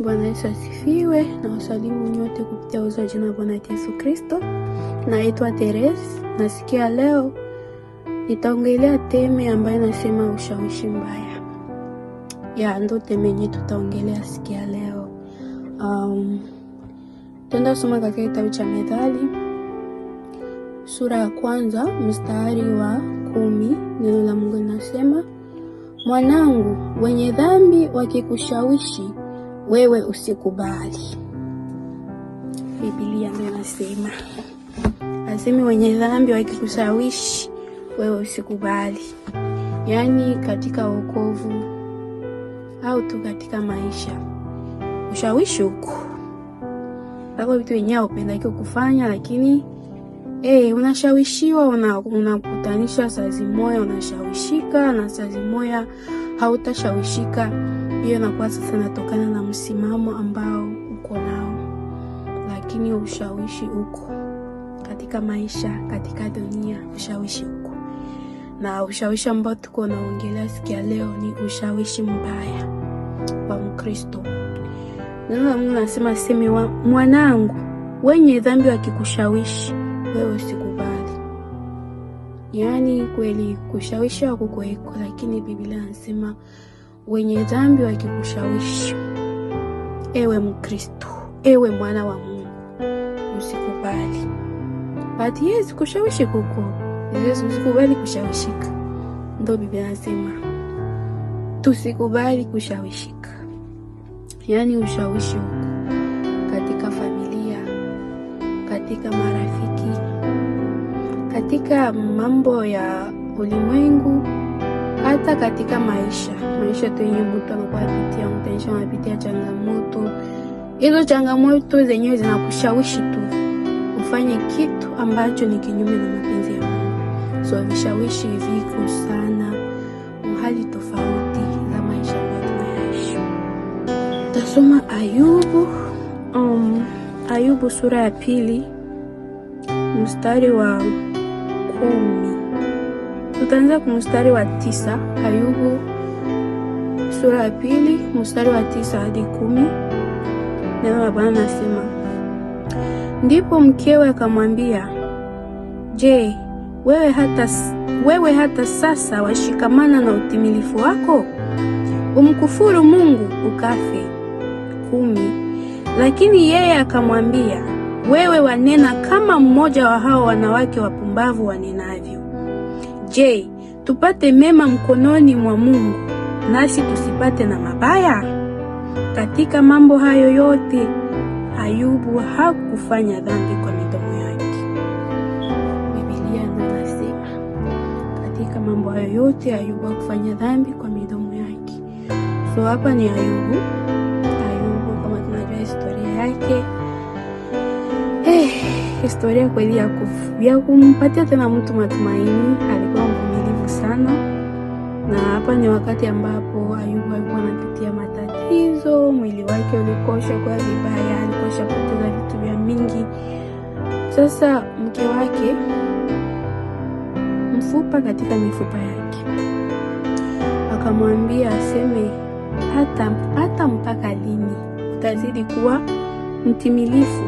Bwana Yesu asifiwe na wasalimu nyote kupitia uzo wa jina Bwana Yesu Kristo. Naitwa teres nasikia leo nitaongelea teme ambayo nasema ushawishi mbaya. Ya ndo teme yenyewe tutaongelea sikia leo. Um, tenda soma katika kitabu cha Methali sura ya kwanza mstari wa kumi. Neno la Mungu linasema, mwanangu, wenye dhambi wakikushawishi wewe usikubali. Biblia ndio inasema asemi wenye dhambi wakikushawishi wewe usikubali. Yaani katika wokovu au tu katika maisha, ushawishi huko bako vitu wenyewe aupendaki kufanya, lakini hey, eh, unashawishiwa, unakutanisha una sazi moya unashawishika na sazi moya hautashawishika hiyo inakuwa sasa inatokana na msimamo ambao uko nao, lakini ushawishi uko katika maisha, katika dunia, ushawishi uko na ushawishi ambao tuko naongelea siku ya leo ni ushawishi mbaya wa Mkristo. Neno Mungu nasema seme, mwanangu, wenye dhambi wakikushawishi wewe sikubali Yaani kweli kushawishi wakukoeko lakini Biblia anasema wenye dhambi wakikushawishi, ewe Mkristo, ewe mwana wa Mungu, usikubali. Bati Yesu kushawishi kuko Yesu, usikubali kushawishika. Ndo Biblia nasema tusikubali kushawishika, yaani ushawishi huko katika familia, katika marafiki, katika mambo ya ulimwengu hata katika maisha maisha tenye mtu anakuwa anapitia, mtu anapitia changamoto. Hizo changamoto zenyewe zinakushawishi tu ufanye kitu ambacho ni kinyume na mapenzi ya Mungu. So vishawishi viko sana hali tofauti za maisha ambayo tunayaishi. Tasoma Ayubu, um, Ayubu sura ya pili mstari wa kumi. Tutaanza kwa mstari wa tisa Ayubu sura ya pili mstari wa tisa hadi kumi. Neno la Bwana nasema, ndipo mkewe akamwambia, Je, wewe hata, wewe hata sasa washikamana na utimilifu wako? Umkufuru Mungu ukafe. kumi. Lakini yeye akamwambia, wewe wanena kama mmoja wa hao wanawake wapumbavu wanenavyo. Je, tupate mema mkononi mwa Mungu nasi tusipate na mabaya? Katika mambo hayo yote Ayubu hakufanya dhambi kwa midomo yake. Biblia inasema katika mambo hayo yote Ayubu hakufanya dhambi kwa midomo yake. So hapa ni Ayubu. Ayubu kama tunajua historia yake eh, historia kweli ya kumpatia tena mtu matumaini sana, na hapa ni wakati ambapo Ayubu alikuwa anapitia matatizo. Mwili wake ulikosha kwa vibaya, alikosha shapoteza vitu vya mingi. Sasa mke wake, mfupa katika mifupa yake, akamwambia aseme hata, hata mpaka lini utazidi kuwa mtimilifu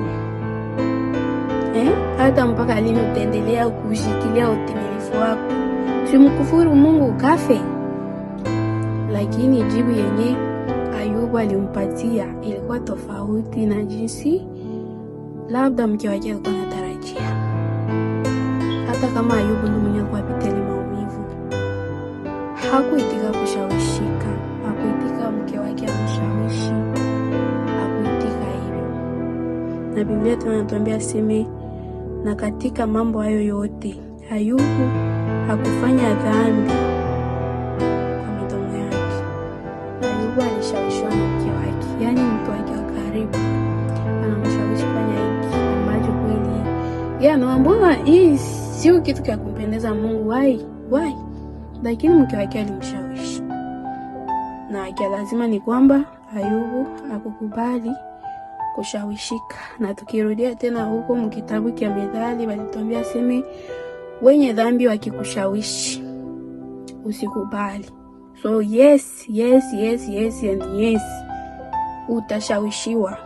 eh? Hata mpaka lini utaendelea kushikilia utimilifu wako? simkufuru Mungu ukafe? Lakini jibu yenye Ayubu alimpatia ilikuwa tofauti na jinsi labda mke wake alikuwa anatarajia. Hata kama Ayubu ndio mwenye kupitia maumivu, hakuitika kushawishika, hakuitika mke wake amshawishi, hakuitika hivyo. Na Biblia tunatuambia seme, na katika mambo hayo yote Ayubu hakufanya dhambi kwa midomo yake. Ayubu alishawishwa na mke wake, yaani mtu wake wa karibu, anamshawishi fanya hiki ambacho kweli yana, mbona hii sio kitu cha kumpendeza Mungu, wai wai, lakini mke wake alimshawishi, na kia lazima ni kwamba Ayubu akukubali kushawishika. Na tukirudia tena huko mkitabu kia Methali walituambia seme wenye dhambi wakikushawishi usikubali. So yes, yes, yes, yes and yes, utashawishiwa.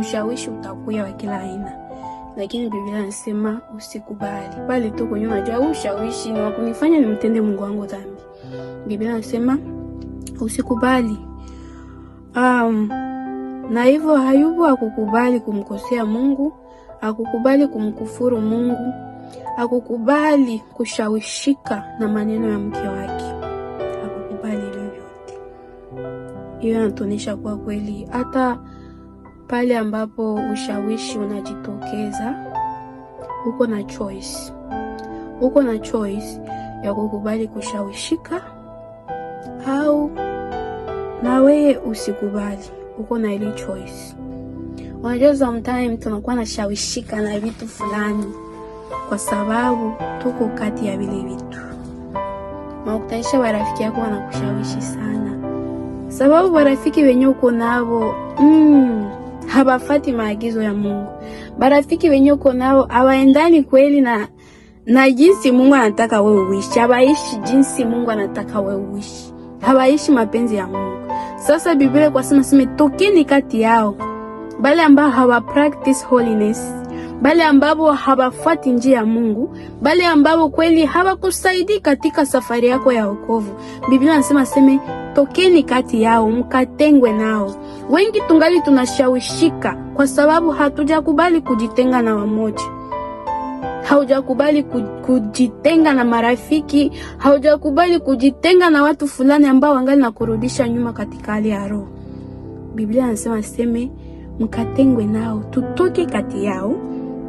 Ushawishi utakuya wa kila aina, lakini Biblia nasema usikubali pale tu kwenye unajua huu ushawishi ni wakunifanya nimtende Mungu wangu dhambi. Biblia nasema usikubali. Um, na hivyo Ayubu akukubali kumkosea Mungu, akukubali kumkufuru Mungu Hakukubali kushawishika na maneno ya mke wake, hakukubali vyovyote. Hiyo inatuonyesha kuwa kweli hata pale ambapo ushawishi unajitokeza, uko na choice, uko na choice ya kukubali kushawishika au na wewe usikubali. Uko na ile choice. Unajua, sometimes tunakuwa nashawishika na vitu fulani kwa sababu tuko kati ya vile vitu. Makutanisha barafiki yako wanakushawishi sana, sababu barafiki wenye uko nao mm, habafati maagizo ya Mungu. Barafiki wenye uko nao hawaendani kweli na, na jinsi Mungu anataka wewe uishi, habaishi jinsi Mungu anataka wewe uishi, habaishi mapenzi ya Mungu. Sasa Biblia kwa sema sema, tokeni kati yao bale ambao hawa practice holiness bale ambao hawafuati njia ya Mungu, bale ambao kweli hawakusaidii katika safari yako ya wokovu. Biblia nasema seme, tokeni kati yao mkatengwe nao. Wengi tungali tunashawishika kwa sababu hatujakubali kujitenga na wamoja haujakubali kujitenga na marafiki, haujakubali kujitenga na watu fulani ambao wangali na kurudisha nyuma katika hali ya roho. Biblia anasema seme, mkatengwe nao, tutoke kati yao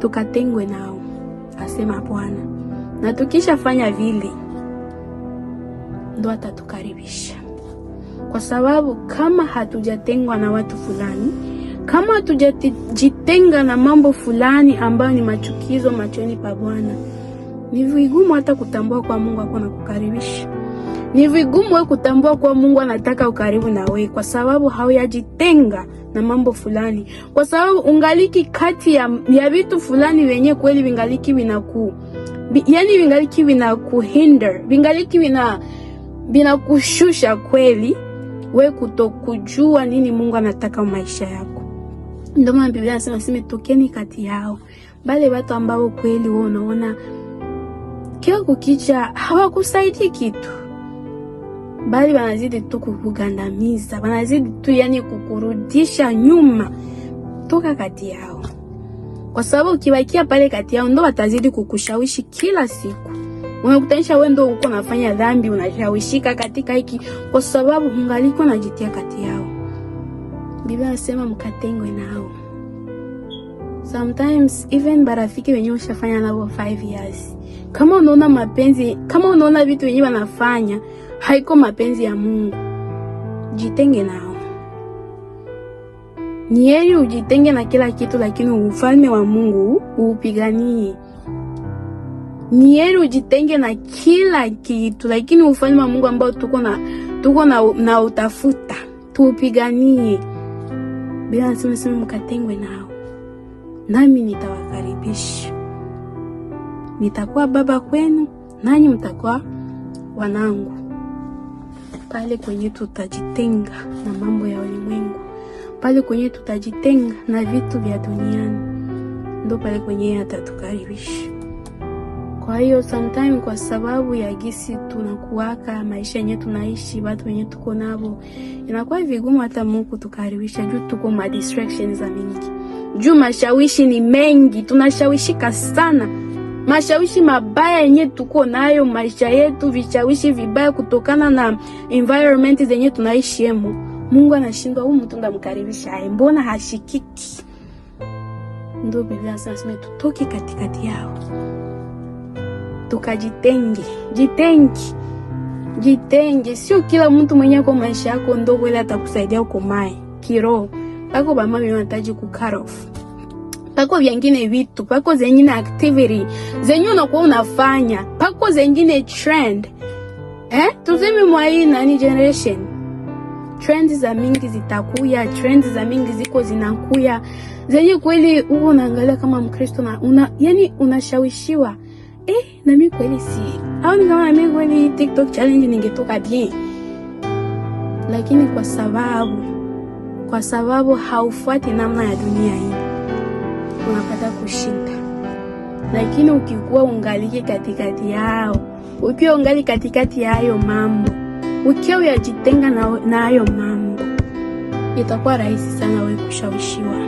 tukatengwe nao, asema Bwana, na tukishafanya vile ndo atatukaribisha, kwa sababu kama hatujatengwa na watu fulani, kama hatujajitenga na mambo fulani ambayo ni machukizo machoni pa Bwana, ni vigumu hata kutambua kwa Mungu ako kukaribisha Ni vigumu wewe kutambua kwa Mungu anataka ukaribu na wewe, kwa sababu hauyajitenga na mambo fulani, kwa sababu ungaliki kati ya, ya vitu fulani venye kweli vingaliki vinaku yani vingaliki vinakuhinder vingaliki vina vinakushusha kweli we kutokujua nini Mungu anataka maisha yako. Ndio maana Biblia inasema sema tokeni kati yao bale watu ambao kweli wao unaona kila kukicha hawakusaidii kitu bali banazidi tu kukugandamiza, banazidi tu yani kukurudisha nyuma. Toka kati yao, kwa sababu ukibakia pale kati yao ndo watazidi kukushawishi kila siku. Unakutanisha wewe ndo uko unafanya dhambi, unashawishika katika hiki, kwa sababu ungaliko unajitia kati yao. Biblia inasema mkatengwe nao. Sometimes even barafiki wenyewe ushafanya nao 5 years. Kama unaona mapenzi, kama unaona vitu wenye wanafanya haiko mapenzi ya Mungu. Jitenge nao, ni heri ujitenge na kila kitu, lakini ufalme wa Mungu uupiganie. Ni heri ujitenge na kila kitu, lakini ufalme wa Mungu ambao tuko na tuko na, na utafuta tuupiganie. Bila sema sema, mkatengwe nao, nami nitawakaribisha, nitakuwa baba kwenu, nanyi mtakuwa wanangu pale kwenye tutajitenga na mambo ya ulimwengu, pale kwenye tutajitenga na vitu vya duniani, ndo pale kwenye atatukaribisha. Kwa hiyo sometime, kwa sababu ya gisi tunakuwaka maisha yenye tunaishi, watu wenye tuko navo, inakuwa vigumu hata Mungu tukaribisha, juu tuko ma distractions za mingi, juu mashawishi ni mengi, tunashawishika sana mashawishi mabaya yenye tuko nayo maisha yetu, vishawishi vibaya kutokana na environment zenye tunaishi hemo. Mungu anashindwa huu mtu ndamkaribisha aye, mbona hashikiki? Ndio Biblia inasema tutoke katikati yao tukajitenge, jitenge, jitenge. Sio kila mtu mwenye kwa maisha yako ndio wala atakusaidia ukomae kiroho. Bako bamama wanataji kukarofu pako vyengine vitu, pako zengine activity zenye unakuwa unafanya, pako zengine trend eh? Tuseme mwa hii nani generation, trend za mingi zitakuya, trend za mingi ziko zinakuya zenye kweli huo unaangalia kama Mkristo na una, yani unashawishiwa eh, na mimi kweli si au ni kama mimi kweli TikTok challenge ningetoka bien, lakini kwa sababu kwa sababu haufuati namna ya dunia hii unapata kushinda, lakini ukikuwa ungalike katikati yao, ukiwa ungali katikati ya hayo mambo, ukiwa uyajitenga na, hayo mambo, itakuwa rahisi sana wewe kushawishiwa,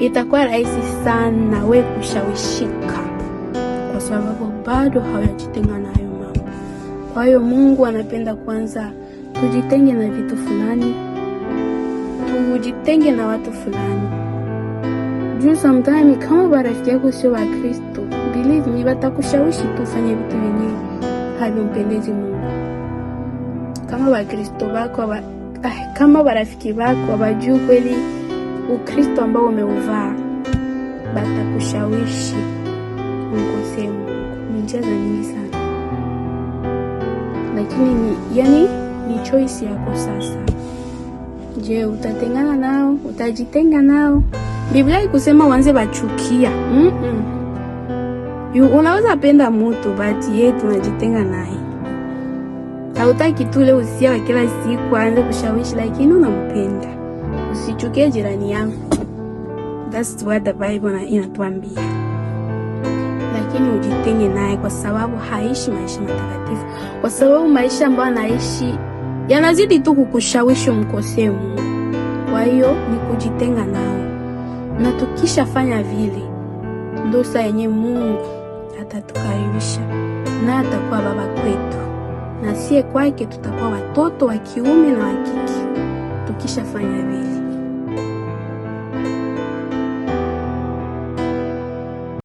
itakuwa rahisi sana wewe kushawishika, kwa sababu bado hawajitenga na hayo mambo. Kwa hiyo Mungu anapenda kwanza tujitenge na vitu fulani, tujitenge na watu fulani juu sometimes kama barafiki yako sio wa Kristo, believe me, watakushawishi tu ufanye vitu vyenye havimpendezi Mungu. Kama Wakristo wako wa, ah, kama barafiki wako wajuu kweli Ukristo ambao umeuvaa, batakushawishi ukose Mungu. Ni njia za nyingi sana, lakini ni, yani ni choice yako sasa. Je, utatengana nao? Utajitenga nao? Biblia ikusema wanze bachukia. mm -mm. Yu, Unaweza penda mutu but yetu tunajitenga naye, hautaki tule usia wa kila siku aanze kushawishi, lakini unampenda. Usichukie jirani yangu, that's what the Bible inatuambia, lakini ujitenge naye kwa sababu haishi maisha matakatifu, kwa sababu maisha ambayo anaishi yanazidi tu kukushawishi umkosee Mungu. Kwa hiyo ni kujitenga nao na tukishafanya vile, ndo saa yenye Mungu atatukaribisha na atakuwa baba kwetu, na sie kwake tutakuwa watoto wa kiume na wa kike tukishafanya vile.